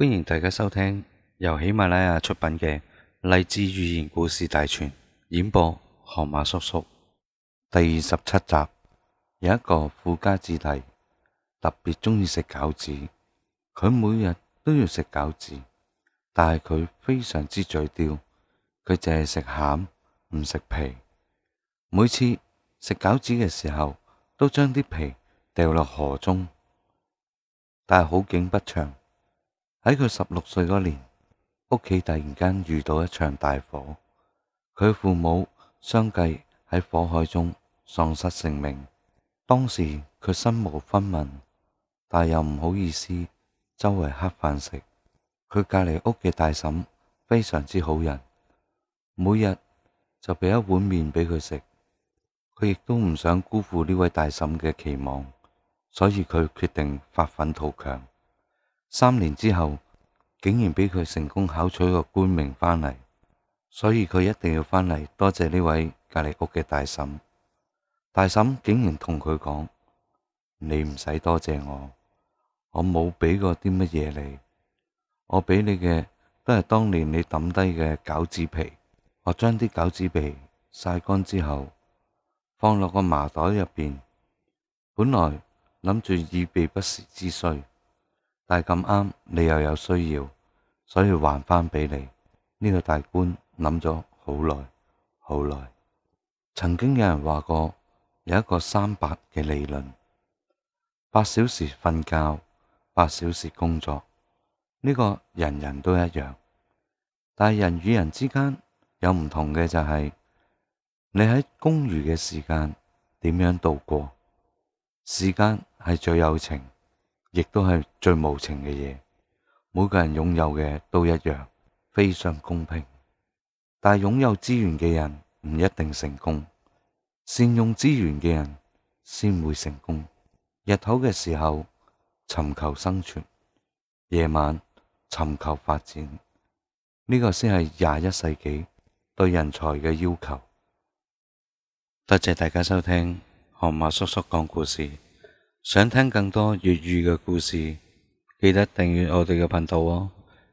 歡迎大家收聽由喜馬拉雅出品嘅《勵志寓言故事大全》，演播河馬叔叔第二十七集。有一個富家子弟特別鍾意食餃子，佢每日都要食餃子，但係佢非常之嘴刁，佢淨係食餡唔食皮。每次食餃子嘅時候，都將啲皮掉落河中，但係好景不長。喺佢十六歲嗰年，屋企突然間遇到一場大火，佢父母相繼喺火海中喪失性命。當時佢身無分文，但又唔好意思周圍乞飯食。佢隔籬屋嘅大嬸非常之好人，每日就俾一碗麵俾佢食。佢亦都唔想辜負呢位大嬸嘅期望，所以佢決定發奮圖強。三年之後，竟然俾佢成功考取個官名翻嚟，所以佢一定要翻嚟多謝呢位隔離屋嘅大嬸。大嬸竟然同佢講：你唔使多謝我，我冇俾過啲乜嘢你，我俾你嘅都係當年你抌低嘅餃子皮。我將啲餃子皮曬乾之後，放落個麻袋入邊，本來諗住以備不時之需。但咁啱你又有需要，所以還返俾你呢、這個大官諗咗好耐，好耐。曾經有人話過，有一個三八嘅理論：八小時瞓覺，八小時工作，呢、這個人人都一樣。但係人與人之間有唔同嘅就係、是，你喺公餘嘅時間點樣度過？時間係最有情。亦都係最無情嘅嘢，每個人擁有嘅都一樣，非常公平。但係擁有資源嘅人唔一定成功，善用資源嘅人先會成功。日頭嘅時候尋求生存，夜晚尋求發展，呢個先係廿一世紀對人才嘅要求。多謝大家收聽河馬叔叔講故事。想聽更多粵語嘅故事，記得訂閱我哋嘅頻道哦。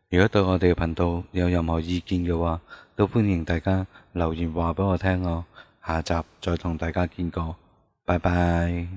如果對我哋嘅頻道有任何意見嘅話，都歡迎大家留言話俾我聽哦。下集再同大家見過，拜拜。